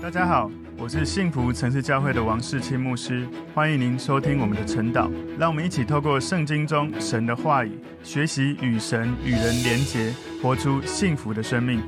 大家好，我是幸福城市教會的王世清牧師，歡迎您收聽我們的晨禱，讓我們一起透過聖經中神的話語，學習與神與人連結，活出幸福的生命。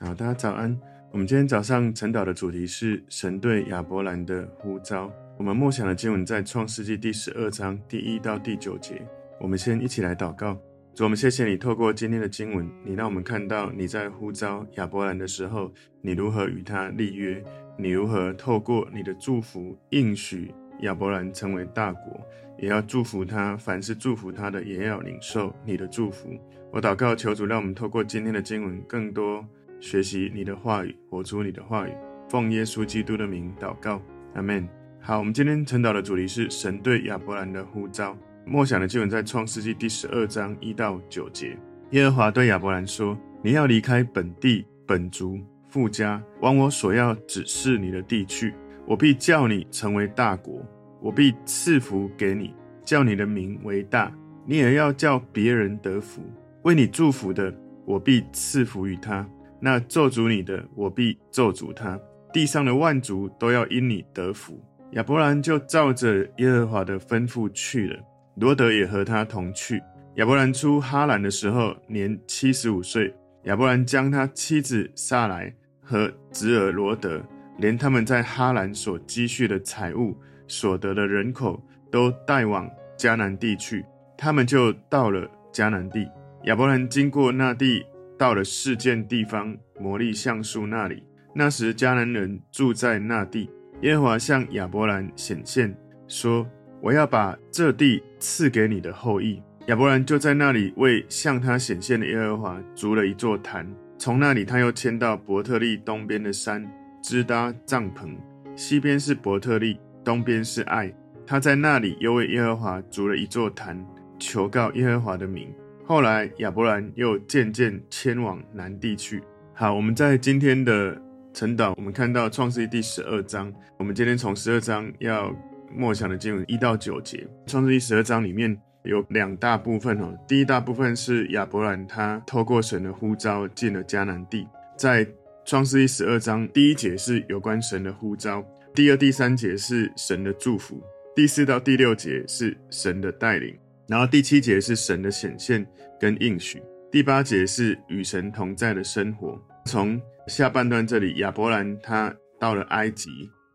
好，大家早安。我們今天早上晨禱的主題是神對亞伯蘭的呼召。我們默想的經文在創世記第十二章第一到第九節。我們先一起來禱告。主，我們謝謝你，透過今天的經文，你讓我們看到你在呼召亞伯蘭的時候，你如何與他立約，你如何透過你的祝福應許亞伯蘭成為大國，也要祝福他，凡是祝福他的也要領受你的祝福。我禱告求主，讓我們透過今天的經文，更多學習你的話語，活出你的話語。奉耶穌基督的名禱告，阿們。好，我們今天晨禱的主題是神對亞伯蘭的呼召。默想的經文在創世紀第十二章一到九節。耶和華對亞伯蘭說：“你要離開本地、本族、父家，往我所要指示你的地去，我必叫你成為大國，我必賜福給你，叫你的名為大，你也要叫別人得福。為你祝福的，我必賜福於他；那咒詛你的，我必咒詛他。地上的萬族都要因你得福。”亞伯蘭就照着耶和華的吩咐去了。羅德也和他同去。亞伯蘭出哈蘭的時候，年七十五歲。亞伯蘭將他妻子撒萊和侄兒羅德，連他們在哈蘭所積蓄的財物、所得的人口，都帶往迦南地去。他們就到了迦南地。亞伯蘭經過那地，到了示劍地方摩利橡樹那裡。那時迦南人住在那地。耶和華向亞伯蘭顯現，說。我要把這地賜給你的後裔。亞伯蘭就在那裡為向他顯現的耶和華築了一座壇。從那裡他又遷到伯特利東邊的山，支搭帳篷。西邊是伯特利，東邊是愛。他在那裡又為耶和華築了一座壇，求告耶和華的名。後來亞伯蘭又漸漸遷往南地去。好，我們在今天的晨禱，我們看到創世記第十二章。我們今天從十二章要默想的經文一到九節，《創世記》十二章裡面有兩大部分哦。第一大部分是亞伯蘭他透過神的呼召進了迦南地。在《創世記》十二章第一節是有關神的呼召，第二、第三節是神的祝福，第四到第六節是神的帶領，然後第七節是神的顯現跟應許，第八節是與神同在的生活。從下半段這裡，亞伯蘭他到了埃及，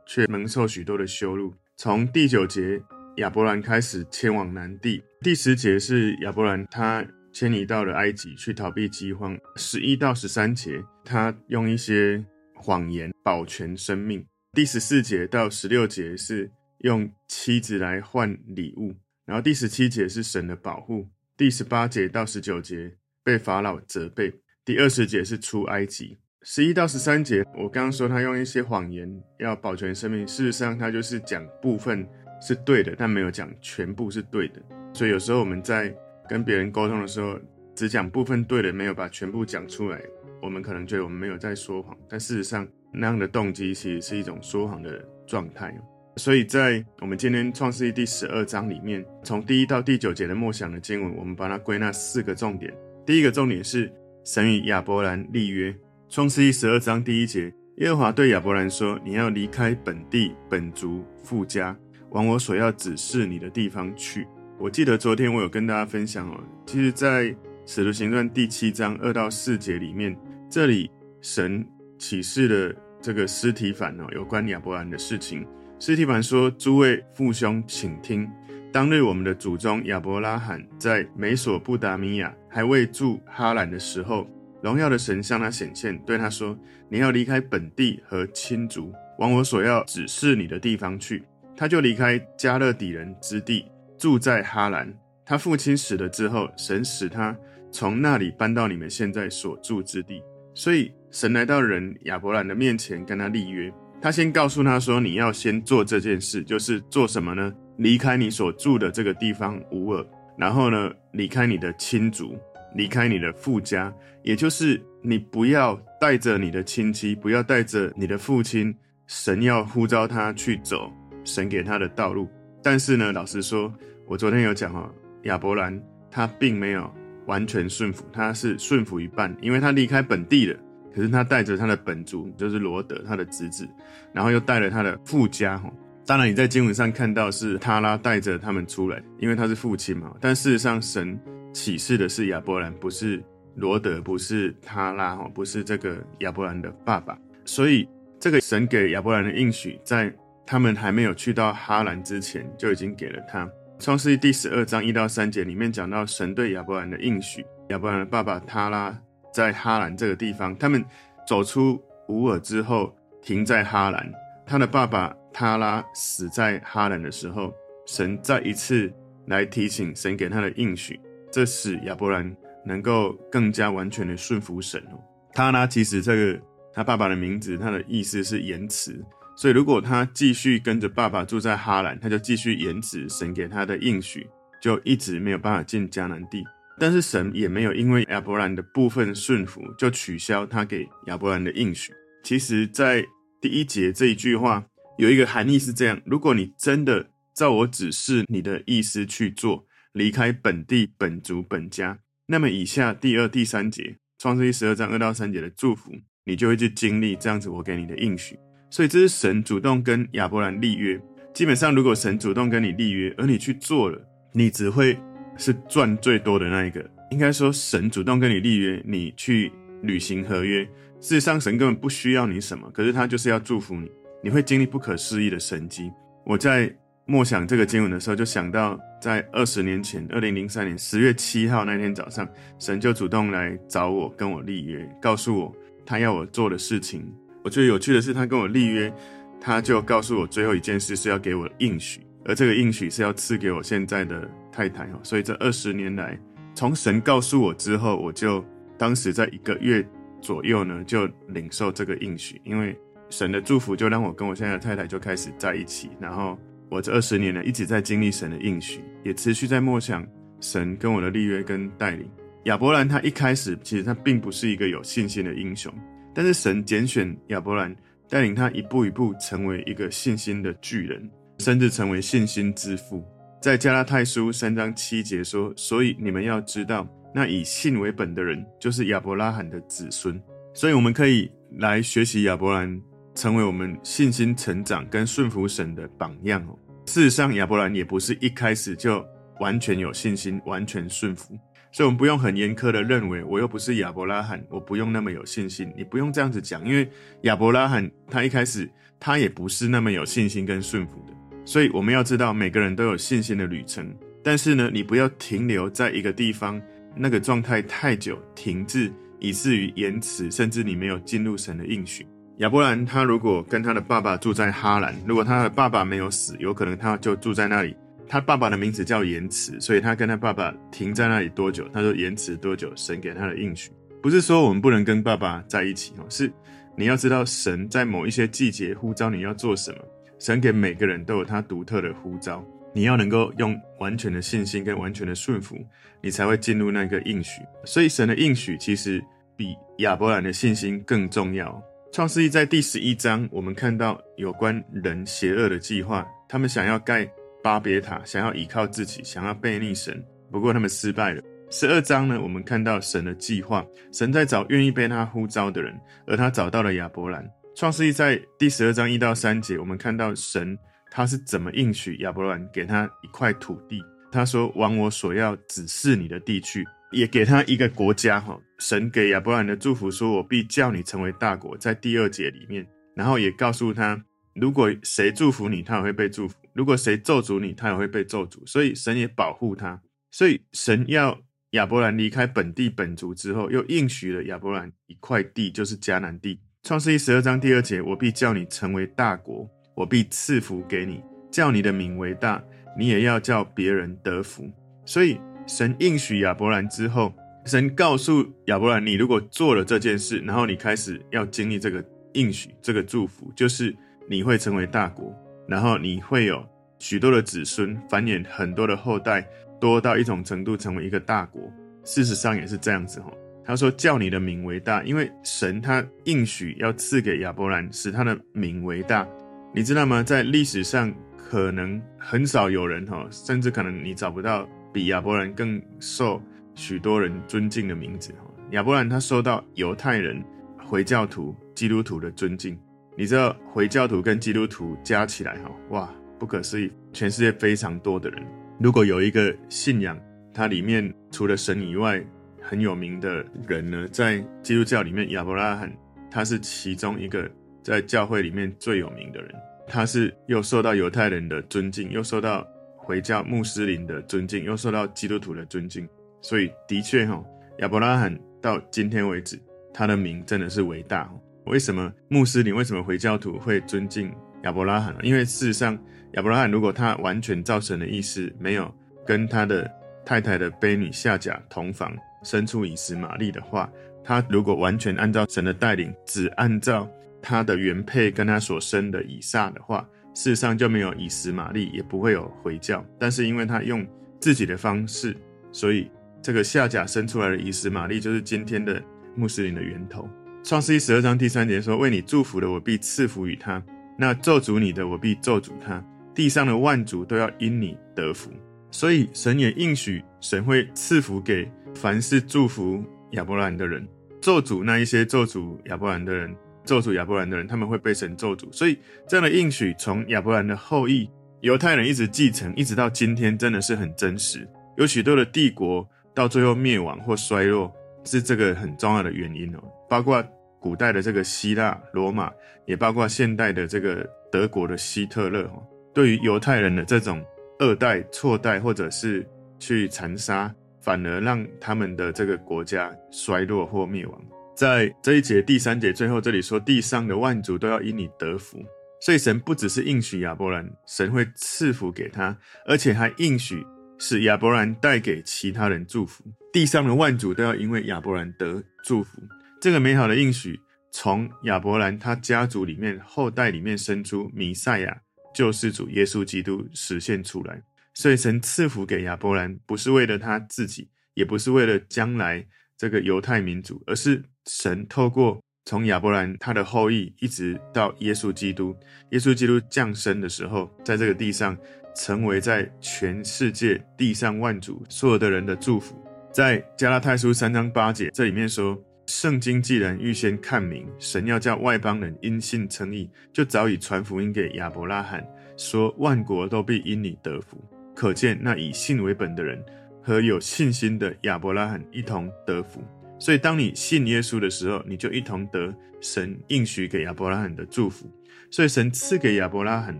卻蒙受許多的羞辱。從第九節亞伯蘭開始遷往南地，第十節是亞伯蘭他遷移到了埃及去逃避饑荒，十一到十三節他用一些謊言保全生命，第十四節到十六節是用妻子來換禮物，然後第十七節是神的保護，第十八節到十九節被法老責備，第二十節是出埃及。十一到十三節，我剛剛說他用一些謊言要保全生命。事實上，他就是講部分是對的，但沒有講全部是對的。所以有時候我們在跟別人溝通的時候，只講部分對的，沒有把全部講出來，我們可能覺得我們沒有在說謊，但事實上那樣的動機其實是一種說謊的狀態。所以在我們今天《創世記》第十二章裡面，從第一到第九節的默想的經文，我們把它歸納四個重點。第一個重點是神與亞伯蘭立約。創世一十二章第一節，耶和華對亞伯蘭說：“你要離開本地、本族、父家，往我所要指示你的地方去。”我記得昨天我有跟大家分享哦，其實在，在使徒行傳第七章二到四節裡面，這裡神啟示的這個司提反哦，有關亞伯蘭的事情。司提反說：“諸位父兄，請聽，當日我們的祖宗亞伯拉罕在美索不達米亞還未住哈蘭的時候。”榮耀的神向他顯現，對他說：“你要離開本地和親族，往我所要指示你的地方去。”他就離開迦勒底人之地，住在哈蘭。他父親死了之後，神使他從那裡搬到你們現在所住之地。所以神來到人亞伯蘭的面前，跟他立約。他先告訴他說：“你要先做這件事，就是做什麼呢？離開你所住的這個地方吾珥，然後呢，離開你的親族。”離開你的父家，也就是你不要帶着你的親戚，不要帶着你的父親。神要呼召他去走神給他的道路。但是呢，老實說，我昨天有講哦，亞伯蘭他並沒有完全順服，他是順服一半，因為他離開本地了。可是他帶着他的本族，就是羅德，他的侄子，然後又帶了他的父家哈。當然你在經文上看到是他拉帶着他們出來，因為他是父親嘛。但事實上，神。啟示的是亞伯蘭，不是羅德，不是他拉，哈，不是這個亞伯蘭的爸爸。所以，這個神給亞伯蘭的應許，在他們還沒有去到哈蘭之前，就已經給了他。創世紀第十二章一到三節裡面講到神對亞伯蘭的應許。亞伯蘭的爸爸他拉在哈蘭這個地方，他們走出烏爾之後，停在哈蘭。他的爸爸他拉死在哈蘭的時候，神再一次來提醒神給他的應許。這使亞伯蘭能夠更加完全的順服神哦。他呢，其實這個他爸爸的名字，他的意思是延遲。所以如果他繼續跟着爸爸住在哈蘭，他就繼續延遲神給他的應許，就一直沒有辦法進迦南地。但是神也沒有因為亞伯蘭的部分順服就取消他給亞伯蘭的應許。其實，在第一節這一句話有一個含義是這樣：如果你真的照我指示你的意思去做。離開本地、本族、本家，那麼以下第二、第三節，創世記十二章二到三節的祝福，你就會去經歷這樣子我給你的應許。所以這是神主動跟亞伯蘭立約。基本上，如果神主動跟你立約，而你去做了，你只會是賺最多的那一個。應該說，神主動跟你立約，你去履行合約。事實上，神根本不需要你什麼，可是他就是要祝福你，你會經歷不可思議的神蹟。我在默想這個經文的時候，就想到在二十年前，二零零三年十月七號那天早上，神就主動來找我，跟我立約，告訴我他要我做的事情。我覺得有趣的是，他跟我立約，他就告訴我最後一件事是要給我的應許，而這個應許是要賜給我現在的太太哈。所以這二十年來，從神告訴我之後，我就當時在一個月左右呢，就領受這個應許，因為神的祝福就讓我跟我現在的太太就開始在一起，然後。我這二十年呢，一直在經歷神的應許，也持續在默想神跟我的立約跟帶領。亞伯蘭他一開始其實他並不是一個有信心的英雄，但是神揀選亞伯蘭，帶領他一步一步成為一個信心的巨人，甚至成為信心之父。在加拉太書三章七節說：“所以你們要知道，那以信為本的人，就是亞伯拉罕的子孫。”所以我們可以來學習亞伯蘭，成為我們信心成長跟順服神的榜樣哦。事實上，亞伯蘭也不是一開始就完全有信心、完全順服，所以我們不用很嚴苛的認為我又不是亞伯拉罕，我不用那麼有信心。你不用這樣子講，因為亞伯拉罕他一開始他也不是那麼有信心跟順服的。所以我們要知道，每個人都有信心的旅程，但是呢，你不要停留在一個地方，那個狀態太久停滯，以至於延遲，甚至你沒有進入神的應許。亞伯蘭他如果跟他的爸爸住在哈蘭，如果他的爸爸沒有死，有可能他就住在那裡。他爸爸的名字叫延遲，所以他跟他爸爸停在那裡多久，他就延遲多久。神給他的應許，不是說我們不能跟爸爸在一起哦，是你要知道神在某一些季節呼召你要做什麼。神給每個人都有他獨特的呼召，你要能夠用完全的信心跟完全的順服，你才會進入那個應許。所以神的應許其實比亞伯蘭的信心更重要。創世記在第十一章，我們看到有關人邪惡的計劃，他們想要蓋巴別塔，想要倚靠自己，想要背逆神。不過他們失敗了。十二章呢，我們看到神的計劃，神在找願意被他呼召的人，而他找到了亞伯蘭。創世記在第十二章一到三節，我們看到神他是怎麼應許亞伯蘭給他一塊土地，他說：“往我所要指示你的地去。”也給他一個國家，哈！神給亞伯蘭的祝福說：“我必叫你成為大國。”在第二節裡面，然後也告訴他，如果誰祝福你，他也會被祝福；如果誰咒詛你，他也會被咒詛。所以神也保護他。所以神要亞伯蘭離開本地本族之後，又應許了亞伯蘭一塊地，就是迦南地。創世記十二章第二節：“我必叫你成為大國，我必賜福給你，叫你的名為大，你也要叫別人得福。”所以。神應許亞伯蘭之後，神告訴亞伯蘭：“你如果做了這件事，然後你開始要經歷這個應許，這個祝福，就是你會成為大國，然後你會有許多的子孫繁衍，很多的後代，多到一種程度成為一個大國。事實上也是這樣子哈。他說：叫你的名為大，因為神他應許要賜給亞伯蘭，使他的名為大。你知道嗎？在歷史上可能很少有人哈，甚至可能你找不到。”比亞伯蘭更受許多人尊敬的名字。亞伯蘭他受到猶太人、回教徒、基督徒的尊敬。你知道回教徒跟基督徒加起來，哈哇不可思議，全世界非常多的人。如果有一個信仰，它裡面除了神以外很有名的人呢，在基督教裡面，亞伯拉罕他是其中一個在教會裡面最有名的人。他是又受到猶太人的尊敬，又受到。回教穆斯林的尊敬，又受到基督徒的尊敬，所以的確哈，亞伯拉罕到今天為止，他的名真的是偉大。為什麼穆斯林為什麼回教徒會尊敬亞伯拉罕呢？因為事實上，亞伯拉罕如果他完全照神的意思，沒有跟他的太太的婢女夏甲同房，生出以實瑪利的話，他如果完全按照神的帶領，只按照他的原配跟他所生的以撒的話。世上就沒有以實瑪利，也不會有回教。但是因為他用自己的方式，所以這個夏甲生出來的以實瑪利，就是今天的穆斯林的源頭。創世記十二章第三節說：“為你祝福的，我必賜福於他；那咒詛你的，我必咒詛他。地上的萬族都要因你得福。”所以神也應許，神會賜福給凡是祝福亞伯蘭的人，咒詛那一些咒詛亞伯蘭的人。咒詛亞伯蘭的人，他們會被神咒詛。所以這樣的應許從亞伯蘭的後裔猶太人一直繼承，一直到今天，真的是很真實。有許多的帝國到最後滅亡或衰落，是這個很重要的原因哦。包括古代的這個希臘、羅馬，也包括現代的這個德國的希特勒，對於猶太人的這種二代錯代或者是去殘殺，反而讓他們的這個國家衰落或滅亡。在這一節第三節最後，這裡說，地上的萬族都要因你得福。所以神不只是應許亞伯蘭，神會賜福給他，而且還應許使亞伯蘭帶給其他人祝福，地上的萬族都要因為亞伯蘭得祝福。這個美好的應許從亞伯蘭他家族裡面後代裡面生出彌賽亞救世主耶穌基督實現出來。所以神賜福給亞伯蘭，不是為了他自己，也不是為了將來這個猶太民族，而是。神透過從亞伯蘭他的後裔一直到耶穌基督，耶穌基督降生的時候，在這個地上成為在全世界地上萬族所有的人的祝福。在加拉太書三章八節，這裡面說：“聖經既然預先看明，神要叫外邦人因信稱義，就早已傳福音給亞伯拉罕，說萬國都必因你得福。可見那以信為本的人和有信心的亞伯拉罕一同得福。”所以，當你信耶穌的時候，你就一同得神應許給亞伯拉罕的祝福。所以，神賜給亞伯拉罕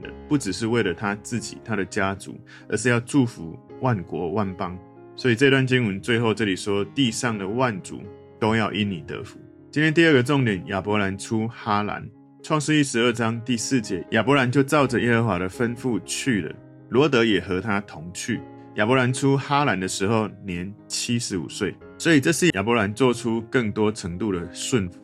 的不只是為了他自己、他的家族，而是要祝福萬國萬邦。所以，這段經文最後這裡說：“地上的萬族都要因你得福。”今天第二個重點，亞伯蘭出哈蘭。創世記十二章第四節，亞伯蘭就照着耶和華的吩咐去了。羅得也和他同去。亞伯蘭出哈蘭的時候，年七十五歲。所以這是亞伯蘭做出更多程度的順服。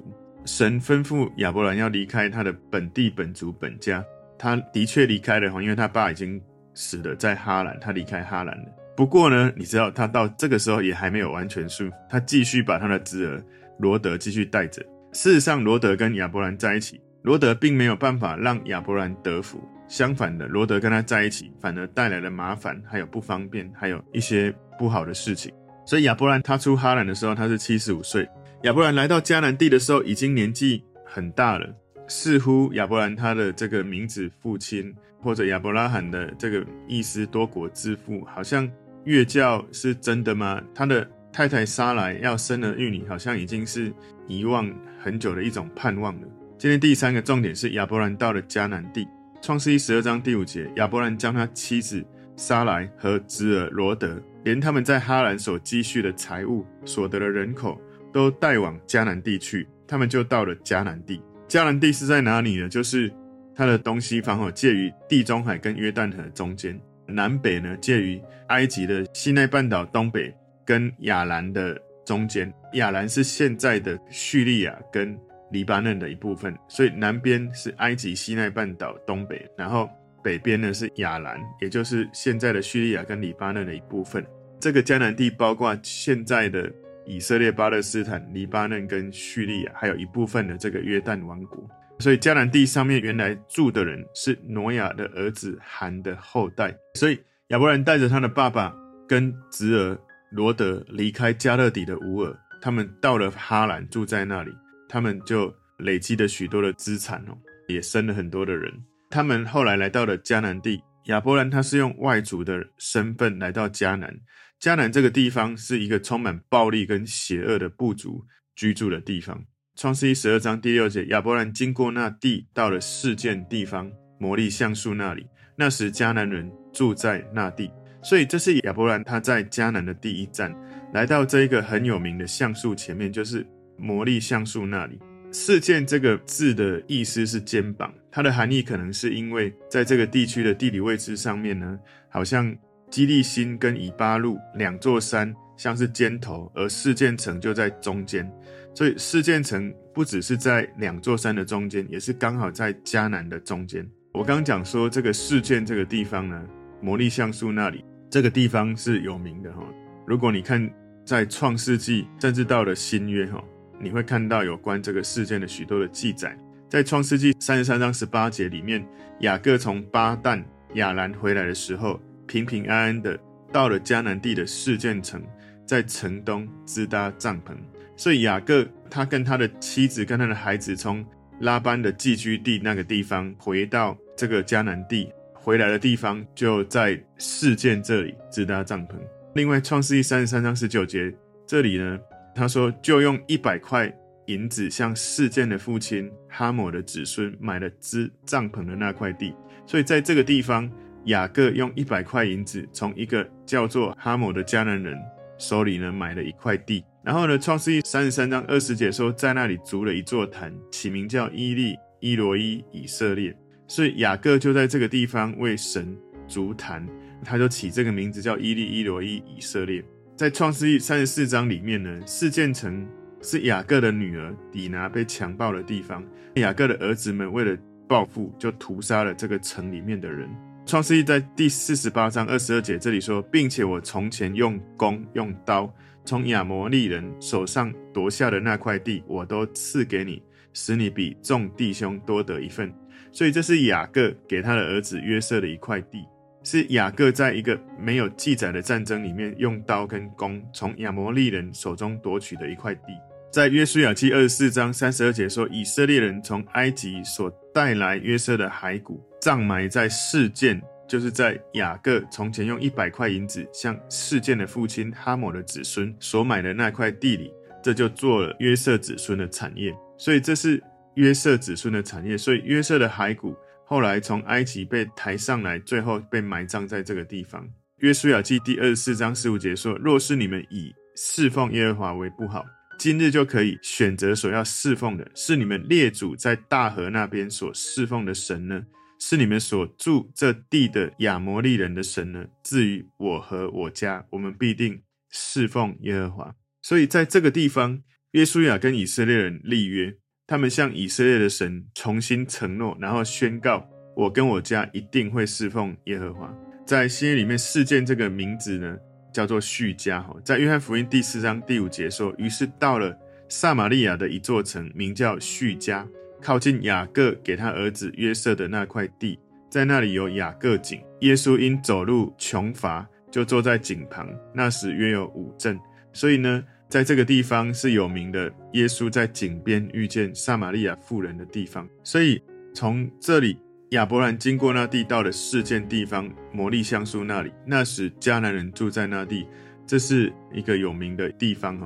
神吩咐亞伯蘭要離開他的本地本族本家，他的確離開了，因為他爸已經死了在哈蘭，他離開哈蘭了。不過呢，你知道他到這個時候也還沒有完全順服，他繼續把他的侄兒羅德繼續帶着。事實上，羅德跟亞伯蘭在一起，羅德並沒有辦法讓亞伯蘭得福。相反的，羅德跟他在一起，反而帶來了麻煩，還有不方便，還有一些不好的事情。所以亞伯蘭他出哈蘭的時候，他是七十五歲。亞伯蘭來到迦南地的時候，已經年紀很大了。似乎亞伯蘭他的這個名字，父親或者亞伯拉罕的這個意思，多國之父，好像越教是真的嗎？他的太太撒萊要生兒育女，好像已經是遺忘很久的一種盼望了。今天第三個重點是亞伯蘭到了迦南地。創世記十二章第五節，亞伯蘭將他妻子撒萊和侄兒羅得。連他們在哈蘭所積蓄的財物、所得的人口，都帶往迦南地去。他們就到了迦南地。迦南地是在哪裡呢？就是它的東西方向介於地中海跟約旦河中間；南北呢，介於埃及的西奈半島東北跟亞蘭的中間。亞蘭是現在的敘利亞跟黎巴嫩的一部分，所以南邊是埃及西奈半島東北，然後。北邊呢，是亞蘭，也就是現在的敘利亞跟黎巴嫩的一部分。這個迦南地包括現在的以色列、巴勒斯坦、黎巴嫩跟敘利亞，還有一部分的這個約旦王國。所以迦南地上面原來住的人是挪亞的兒子含的後代。所以亞伯蘭帶着他的爸爸跟侄兒羅德離開加勒底的烏爾，他們到了哈蘭，住在那裡，他們就累積了許多的資產哦，也生了很多的人。他們後來來到了迦南地，亞伯蘭他是用外族的身份來到迦南。迦南這個地方是一個充滿暴力跟邪惡的部族居住的地方。創世記十二章第六節，亞伯蘭經過那地，到了示劍地方，摩利橡樹那裡。那時迦南人住在那地，所以這是亞伯蘭他在迦南的第一站，來到這一個很有名的橡樹前面，就是摩利橡樹那裡。示劍這個字的意思是肩膀，它的含義可能是因為在這個地區的地理位置上面呢，好像基利心跟以巴路兩座山像是肩頭，而示劍城就在中間，所以示劍城不只是在兩座山的中間，也是剛好在迦南的中間。我剛講說這個示劍這個地方呢，摩利橡樹那裡這個地方是有名的哈。如果你看在創世記，甚至到了新約哈。你會看到有關這個示劍的許多的記載在，在創世記三十三章十八節裡面，雅各從巴旦亞蘭回來的時候，平平安安的到了迦南地的示劍城，在城東支搭帳篷。所以雅各他跟他的妻子跟他的孩子從拉班的寄居地那個地方回到這個迦南地，回來的地方就在示劍這裡支搭帳篷。另外，創世記三十三章十九節這裡呢。他說：“就用一百塊銀子，向示劍的父親哈抹的子孫買了支帳篷的那塊地。所以在這個地方，雅各用一百塊銀子，從一個叫做哈抹的迦南人，人手裡呢買了一塊地。然後呢，《創世記》三十三章二十節說，在那裡築了一座壇，起名叫伊利伊羅伊以色列。所以雅各就在這個地方為神築壇，他就起這個名字叫伊利伊羅伊以色列。”在《創世記》三十四章裡面呢，示劍城是雅各的女兒底拿被強暴的地方。雅各的兒子們為了報復，就屠殺了這個城裡面的人。《創世記》在第四十八章二十二節這裡說，並且我從前用弓用刀從亞摩利人手上奪下的那塊地，我都賜給你，使你比眾弟兄多得一份。所以這是雅各給他的兒子約瑟的一塊地。是雅各在一個沒有記載的戰爭裡面，用刀跟弓從亞摩利人手中奪取的一塊地。在約書亞記二十四章三十二節說，以色列人從埃及所帶來約瑟的骸骨，葬埋在示劍，就是在雅各從前用一百塊銀子向示劍的父親哈摩的子孫所買的那塊地裡。這就做了約瑟子孫的產業。所以這是約瑟子孫的產業。所以約瑟的骸骨。後來從埃及被抬上來，最後被埋葬在這個地方。約書亞記第二十四章十五節說：“若是你們以侍奉耶和華為不好，今日就可以選擇所要侍奉的，是你們列祖在大河那邊所侍奉的神呢？是你們所住這地的亞摩利人的神呢？至於我和我家，我們必定侍奉耶和華。”所以在這個地方，約書亞跟以色列人立約。他們向以色列的神重新承諾，然後宣告：我跟我家一定會侍奉耶和華。在新約裡面，示劍這個名字呢叫做敘加。在約翰福音第四章第五節說：於是到了撒瑪利亞的一座城，名叫敘加，靠近雅各給他兒子約瑟的那塊地，在那裡有雅各井。耶穌因走路窮乏，就坐在井旁。那時約有午正。所以呢。在這個地方是有名的，耶穌在井邊遇見撒瑪利亞婦人的地方。所以從這裡，亞伯蘭經過那地，到了示劍地方摩利橡樹那裡。那時迦南人住在那地，這是一個有名的地方。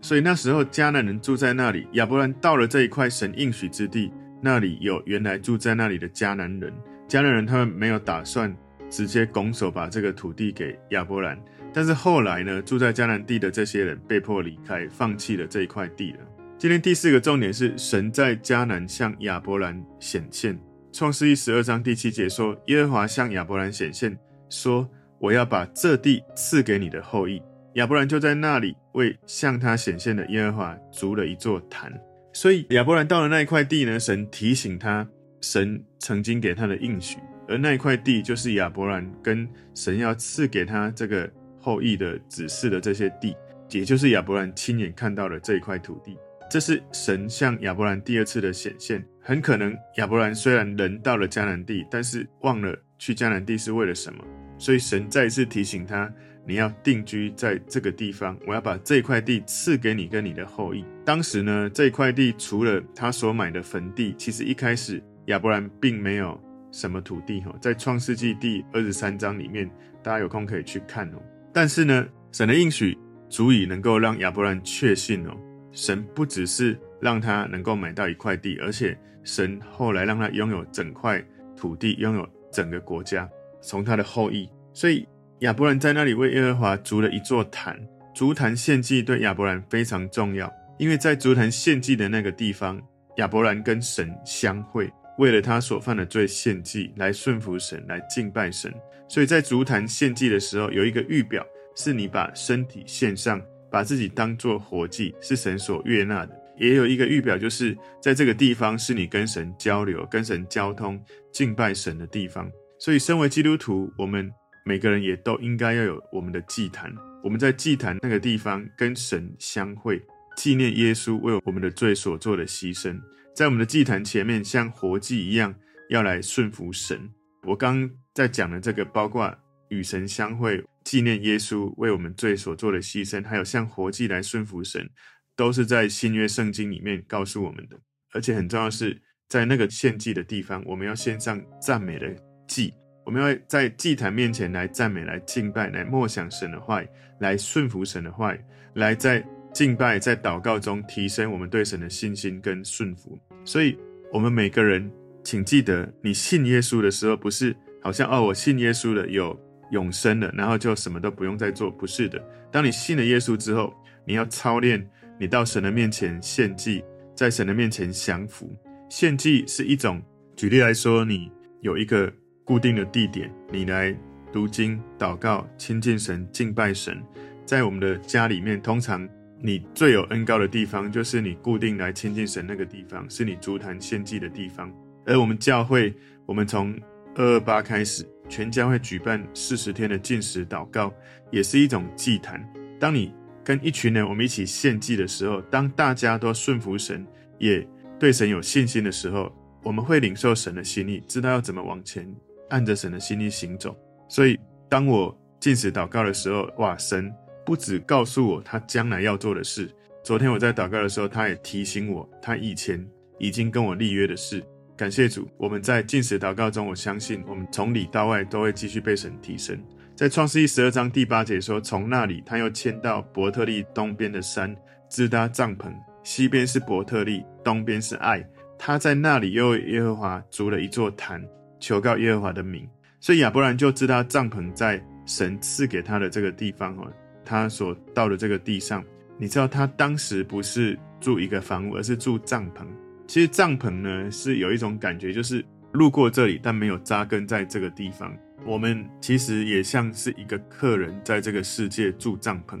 所以那時候迦南人住在那裡，亞伯蘭到了這一塊神應許之地，那裡有原來住在那裡的迦南人。迦南人他們沒有打算。直接拱手把這個土地給亞伯蘭，但是後來呢，住在迦南地的這些人被迫離開，放棄了這一塊地了。今天第四個重點是，神在迦南向亞伯蘭顯現。創世記十二章第七節說：“耶和華向亞伯蘭顯現，說，我要把這地賜給你的後裔。”亞伯蘭就在那裡為向他顯現的耶和華築了一座壇。所以亞伯蘭到了那一塊地呢，神提醒他，神曾經給他的應許。而那一塊地，就是亞伯蘭跟神要賜給他這個後裔的指示的這些地，也就是亞伯蘭親眼看到的這一塊土地。這是神向亞伯蘭第二次的顯現。很可能亞伯蘭雖然人到了迦南地，但是忘了去迦南地是為了什麼，所以神再一次提醒他：你要定居在這個地方，我要把這塊地賜給你跟你的後裔。當時呢，這塊地除了他所買的墳地，其實一開始亞伯蘭並沒有。什麼土地？哈，在創世紀第二十三章裡面，大家有空可以去看哦。但是呢，神的應許足以能夠讓亞伯蘭確信哦，神不只是讓他能夠買到一塊地，而且神後來讓他擁有整塊土地，擁有整個國家，從他的後裔。所以亞伯蘭在那裡為耶和華築了一座壇，築壇獻祭對亞伯蘭非常重要，因為在築壇獻祭的那個地方，亞伯蘭跟神相會。為了他所犯的罪獻祭，來順服神，來敬拜神。所以在祭壇獻祭的時候，有一個預表，是你把身體獻上，把自己當做活祭，是神所悅納的；也有一個預表，就是在這個地方是你跟神交流、跟神交通、敬拜神的地方。所以，身為基督徒，我們每個人也都應該要有我們的祭壇。我們在祭壇那個地方跟神相會，紀念耶穌為我們的罪所做的犧牲。在我們的祭壇前面，像活祭一樣，要來順服神。我剛在講的這個，包括與神相會、紀念耶穌為我們罪所做的犧牲，還有像活祭來順服神，都是在新約聖經裡面告訴我們的。而且很重要的是，在那個獻祭的地方，我們要獻上讚美的祭，我們要在祭壇面前來讚美、來敬拜、來默想神的話、來順服神的話、來在。敬拜、在禱告中提升我們對神的信心跟順服，所以我們每個人，請記得，你信耶穌的時候，不是好像哦，我信耶穌了，有永生了，然後就什麼都不用再做，不是的。當你信了耶穌之後，你要操練，你到神的面前獻祭，在神的面前降服。獻祭是一種，舉例來說，你有一個固定的地點，你來讀經、禱告、親近神、敬拜神。在我們的家裡面，通常。你最有恩膏的地方，就是你固定來親近神那個地方，是你築壇獻祭的地方。而我們教會，我們從二二八開始，全教會舉辦四十天的禁食禱告，也是一種祭壇。當你跟一群人我們一起獻祭的時候，當大家都順服神，也對神有信心的時候，我們會領受神的心意，知道要怎麼往前，按着神的心意行走。所以，當我禁食禱告的時候，哇，神！不只告訴我他將來要做的事。昨天我在禱告的時候，他也提醒我他以前已經跟我立約的事。感謝主，我們在禁食禱告中，我相信我們從裡到外都會繼續被神提升。在創世記十二章第八節說：“從那裡，他又遷到伯特利東邊的山，支搭帳篷。西邊是伯特利，東邊是愛。他在那裡又為耶和華築了一座壇，求告耶和華的名。所以亞伯蘭就支搭帳篷在神賜給他的這個地方。”哦。他所到的這個地上，你知道，他當時不是住一個房屋，而是住帳篷。其實帳篷呢，是有一種感覺，就是路過這裡，但沒有扎根在這個地方。我們其實也像是一個客人，在這個世界住帳篷。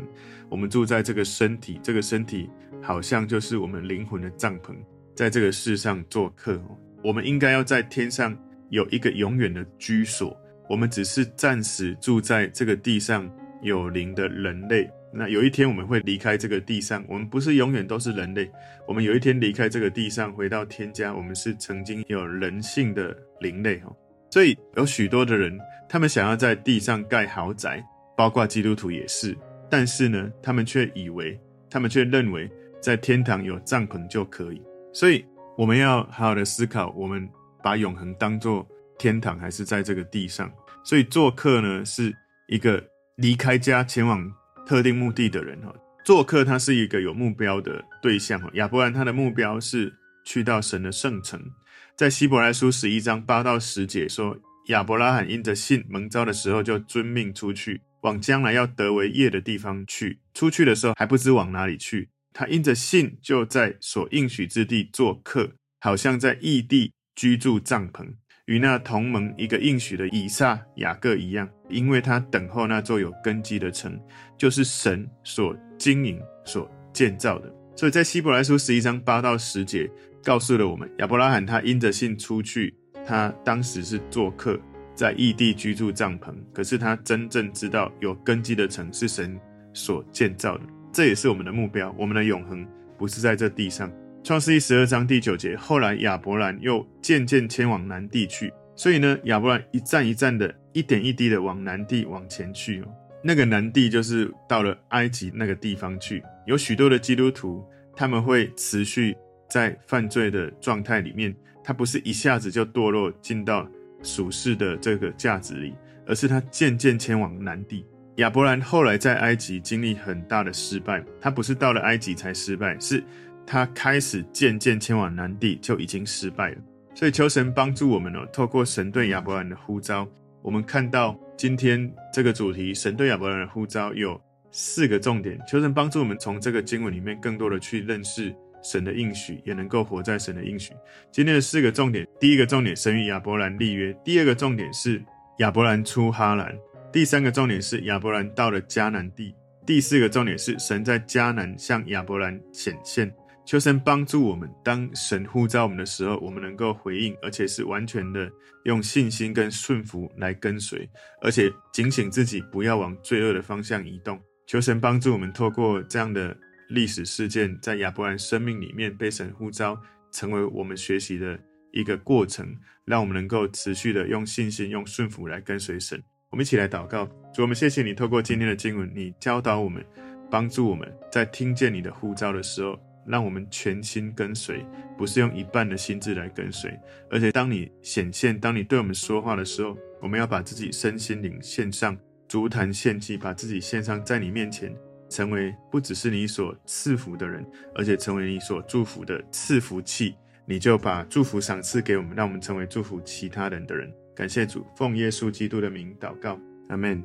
我們住在這個身體，這個身體好像就是我們靈魂的帳篷，在這個世上做客。我們應該要在天上有一個永遠的居所，我們只是暫時住在這個地上。有靈的人類，那有一天我們會離開這個地上，我們不是永遠都是人類。我們有一天離開這個地上，回到天家，我們是曾經有人性的靈類哦。所以有許多的人，他們想要在地上蓋豪宅，包括基督徒也是。但是呢，他們卻以為，他們卻認為在天堂有帳篷就可以。所以我們要好好的思考，我們把永恆當作天堂，還是在這個地上？所以做客呢，是一個離開家前往特定目的地的人，哈，做客他是一個有目標的對象，哈。亞伯蘭他的目標是去到神的聖城，在希伯來書十一章八到十節說，亞伯拉罕因着信蒙召的時候，就遵命出去，往將來要得為業的地方去。出去的時候還不知往哪裡去，他因着信就在所應許之地做客，好像在異地居住帳篷，與那同蒙一個應許的以撒、雅各一樣。因為他等候那座有根基的城，就是神所經營、所建造的。所以在希伯來書十一章八到十節，告訴了我們，亞伯拉罕他因着信出去，他當時是做客，在異地居住帳篷。可是他真正知道有根基的城是神所建造的。這也是我們的目標，我們的永恆不是在這地上。創世紀十二章第九節，後來亞伯蘭又漸漸遷往南地去，所以呢，亞伯蘭一站一站的。一點一滴的往南地往前去哦。那個南地就是到了埃及那個地方去。有許多的基督徒，他們會持續在犯罪的狀態裡面。他不是一下子就墮落進到屬世的這個架子裡，而是他漸漸遷往南地。亞伯蘭後來在埃及經歷很大的失敗。他不是到了埃及才失敗，是他開始漸漸遷往南地就已經失敗了。所以求神幫助我們哦，透過神對亞伯蘭的呼召。我們看到今天這個主題，神對亞伯蘭的呼召有四個重點，求神幫助我們從這個經文裡面更多的去認識神的應許，也能夠活在神的應許。今天的四個重點，第一個重點，神與亞伯蘭立約；第二個重點是亞伯蘭出哈蘭；第三個重點是亞伯蘭到了迦南地；第四個重點是神在迦南向亞伯蘭顯現。求神幫助我們，當神呼召我們的時候，我們能夠回應，而且是完全的用信心跟順服來跟隨，而且警醒自己不要往罪惡的方向移動。求神幫助我們，透過這樣的歷史事件，在亞伯蘭生命裡面被神呼召，成為我們學習的一個過程，讓我們能夠持續的用信心、用順服來跟隨神。我們一起來禱告，主，我們謝謝你，透過今天的經文，你教導我們，幫助我們在聽見你的呼召的時候。讓我們全心跟隨，不是用一半的心智來跟隨。而且，當你顯現，當你對我們說話的時候，我們要把自己身心靈獻上，築壇獻祭，把自己獻上在你面前，成為不只是你所賜福的人，而且成為你所祝福的賜福器。你就把祝福賞賜給我們，讓我們成為祝福其他人的人。感謝主，奉耶穌基督的名禱告，阿們。